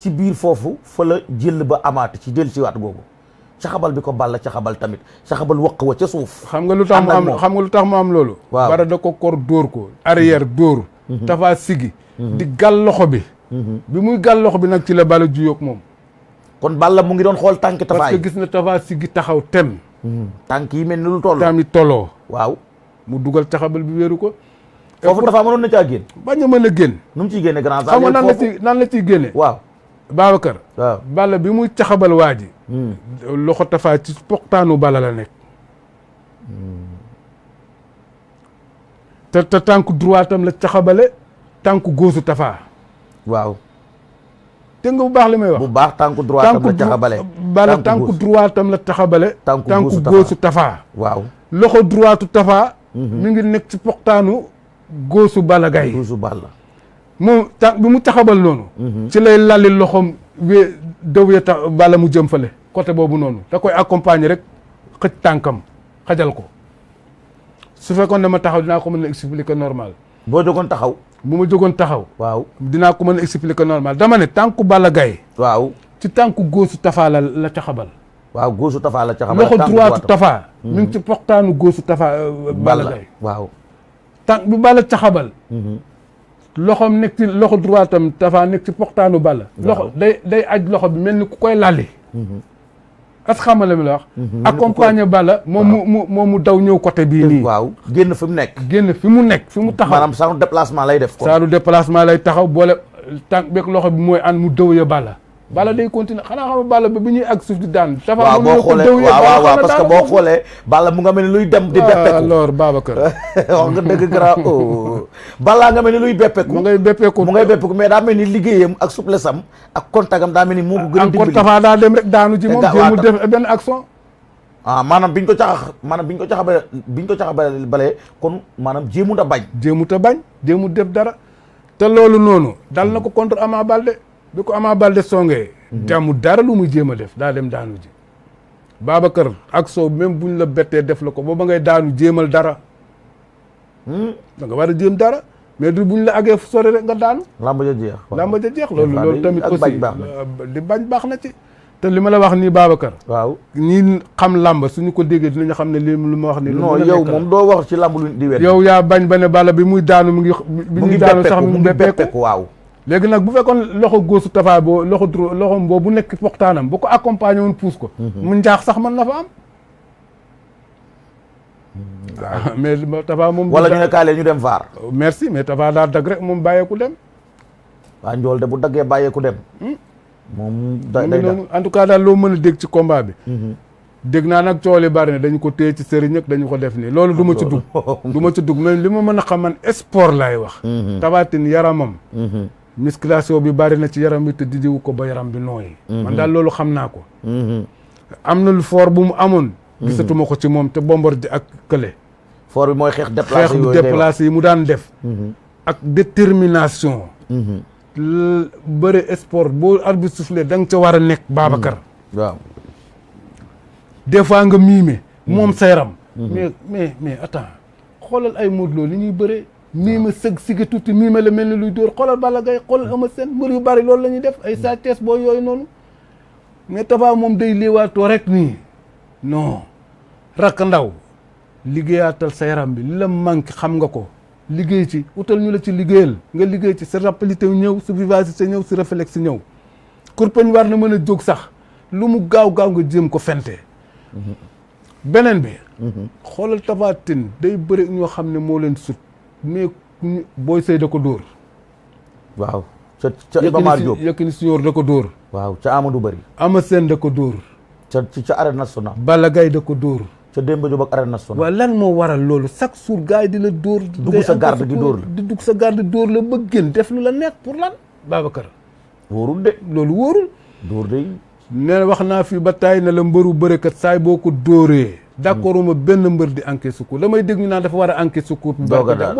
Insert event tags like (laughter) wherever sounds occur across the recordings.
ci biir foofu fa jël ba amaat ci dellu siwaat googu xabal bi ko balla xabal tamit caxabal waq wa ca suuf xam nga lu tax mu am xam lu tax mu loolu waaw bara da ko kor dóor ko arrière dóor mhm. tafaa sigi mhm. di gàl loxo bi mhm. bi muy gàl loxo bi nag ci la balla juyoog moom kon balla mu ngi doon xool tànk tafaay parce que gis na tafaa sigi taxaw tem tànk yi mel ni lu toll tamit tolloo waaw mu dugal caxabal bi weeru ko foofu tafaa mënoon na caa génn bañ a mën a génn nu mu ciy génne grand nan la ci nan waaw Babacar. bala Balla bi muy caxabal waa ji. loxo Tapha ci poxtaanu Balla la nekk. te te tànku droitam la caxabale tànku góosu Tapha. waaw. dégg nga bu baax li wax bu baax tànku droitam la caxabale. Balla tànku droitam la caxabale. tànku góosu Tapha waaw. loxo droitu Tapha. mi ngi nekk ci poxtaanu góosu Balla Gaye góosu Balla. mu ta bi mu taxabal noonu. Mhm. ci lay lalil loxoom we daw ya bala mu jëm fale côté boobu noonu da koy accompagner rek xëj tànkam xajal ko su fekkoon ne ma taxaw dinaa ko mën a normal. boo jógoon taxaw. bu ma jógoon taxaw. waaw dinaa ko mën a expliquer normal dama ne tànku Balla Gaye. waaw ci tànku góosu Tafa la la taxabal. waaw góosu Tafa la taxabal loxo droitu Tafa. Mhm. mi ngi ci poxtaanu góosu Tafa. Euh, Balla Gaye waaw. tànk loxoom nekk ci loxo droitam tafa nekk ci poxtaanu Balla. loxo day day aj loxo bi melni kou ku koy lalle. as mhm. xam la mi wax. Mhm. accompagner Balla moom momu daw ñëw côté bi ni waaw génn fi mu nekk. génn fi mu taxaw manam sa déplacement lay def. quoi sa déplacement lay taxaw boole tank bek loxo bi moy ànd mu dëw ya Balla. Balla day continuer xanaa xam nga Balla ba bi ñuy àgg suuf di daan. waaw boo xoolee waaw waaw parce boo xoolee. Balla mu nga mel ni luy dem di ah, beppeeku alors Babacar. (laughs) wax nga dëgg grand o oh. Balla nga mel ni luy beppeeku. mu ngay beppeeku mu ngay beppeeku mais daa mel ni liggéeyam ak souplesse am ak contagam daa mel ni moo ko gën a dimbali encore Tafa daa dem rek daanu ci eh, mu jéemu def benn action. ah maanaam biñ ko caxax maanaam biñ ko caxa bale biñ ko caxa bale kon maanaam jéemut a bañ. jéemut a bañ jéemut def dara te loolu noonu dal na ko contre Ama Baldé bi ko amaa Baldé songee. te amul dara lu mu jéem def daa dem daanu ji. Babacar ak Sow même buñ la betee def la ko ba ba ngay daanu jéemal dara. Hmm? da nga war a dara. mais du buñ la agee sore rek nga daanu. làmba ja jeex làmb ja jeex loolu loolu tamit aussi di euh, bañ baax na ci. te li ma la wax nii Babacar. waaw ñi xam su ñu ko déggee ñu xam ne li lu ma wax nii. non yow doo wax ci làmb lu di wet. yow yaa bañ ba ne bala bi muy daanu mu ngi. mu ngi daanu sax mu ngi beppeeku waaw. léegi nag bu fekkoon loxo góosu Tapha Bo loxo dro loxom boobu bu nekk waxtaanam bu ko accompagner woon pousse ko. Mhm. mu njaax sax mën na fa am. waaw (laughs) mais Tapha moom. wala ñu ñu dem vaar. Oh, merci mais Tapha daa dag rek moom bàyyeeku dem. waa njool de bu daggee bàyyeeku dem. Hmm? moom day day tout cas daal loo mën a dégg ci combat bi. Mhm. dégg naa nag coow bari na dañu ko téye ci sëriñ ak dañu ko def nii loolu duma ma ci dugg. (laughs) du ma ci dugg mais li ma mën a xam man sport laay wax. Mhm. Tapha Tine yaramam. musculation bi bari na ci yaram bi te wu ko ba yaram bi nooyi. Mhm. man daal loolu xam naa ko. Mhm. am na lu fort bu mu amoon. Mhm. gisatuma ko ci moom te bombor di ak kële. foor bi mooy xeex déplacé xeex déplacé yi mu daan def. ak détermination. bëre sport boo arbitre soufflé da nga ca war a nekk Babacar. waaw. des fois nga miime. moom sa yaram. mais mais mais attends xoolal ay Modou Lo li bëree. mii ma sëg sigi tuuti mii ma la mel ni luy dóor xoolal Balla Gaye xoolal hmm. Eumeu Sène mbër yu bari loolu la ñuy def ay hmm. saa tees boo yooyu noonu mais Tapha moom day léewaatoo rek nii non rakk ndaw liggéeyaatal sa yaram bi li la manqué xam nga ko liggéey ci utal ñu la ci liggéeyal nga liggéey ci sa rapidité ñëw sa vivacité ñëw si sa si ñëw kurpeñ war na mën a jóg sax lu mu gaaw gaaw nga jéem ko fente hmm. beneen bi xoolal Tapha Tine day bëri ñoo xam ne moo leen sut mais booy sëy da ko dóor. waaw ca ca Iba Mar Diop Yékini Senior da ko dóor. waaw ama du Bari. Ama Sène da ko dóor. ca ca arène nationale. Balla Gaye da ko dóor. ca Demba Diop ak arène nationale. waaw lan moo waral loolu chaque jour gars yi di la dóor. dugg sa garde di dóor la di dugg sa garde dóor la ba gën def lu la nekk pour lan. Babacar. wóorul de. loolu wóorul. dóor de. nee na wax naa fii ba taay na la mbëru bërekat saay boo ko dóoree. d'accord ma benn mbër di encaisse coup la may ñu naan dafa war a encaisse bi doog a daan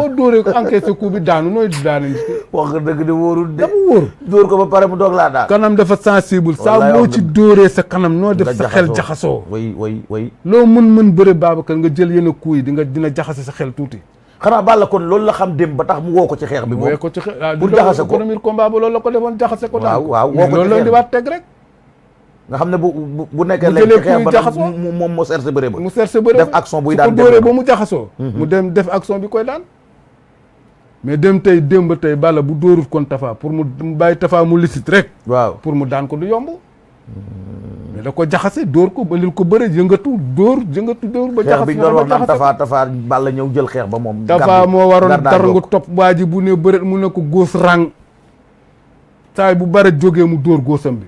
ko encaisse coup bi daanu nooy daanu wax nga de wóorul de dafa wóor dóor ko ba pare mu doog laa daan kanam dafa sensible saa moo ci dóoree sa kanam noo def sa xel jaxasoo way way way loo mën mën bëre Babacar nga jël yenn coup di nga dina jaxase sa xel tuuti xanaa Balla kon loolu la xam dem ba tax mu woo ci xeex bi moom woo ci xeex pour jaxase ko premier combat ba loolu la ko defoon jaxase ko waaw waaw woo ci xeex di waat teg rek nga xam ne bu bu bu nekkee léegi xeex ba moom mu serse bëre ba mu serse bëre def action buy daan dóoree ba mu jaxasoo mm-hmm. mu dem def action bi koy daan mais dem tey ba tey Balla bu dóorut kon Tafa pour mu bàyyi Tafa mu lisit rek waaw pour mu daan ko du yomb mais da ko jaxase dóor ko ba lil ko bëre yëngatu dóor yëngatu dóor ba jaxase bi ñu doon wax naan Tafa Tafa Balla ñëw jël xeex ba moom Tafa moo waroon tarangu topp waa ji bu ne bëreet mu ne ko góos rang saay bu bare jógee mu dóor góosam bi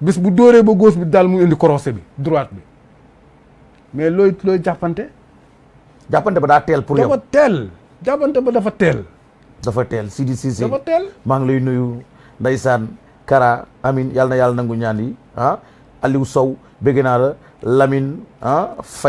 bis bu dóoree ba gauche bi daal muy indi croisé bi droite bi mais looy looy jàppante. jàppante ba daa teel pour yow dafa teel jàppante ba dafa teel. dafa teel Sidi Cissé dafa teel maa ngi lay nuyu ndeysaan Kara Amin yàlla yàlla nangu ñaan yi ah Aliou Sow bëgg naa la Lamine ah Faye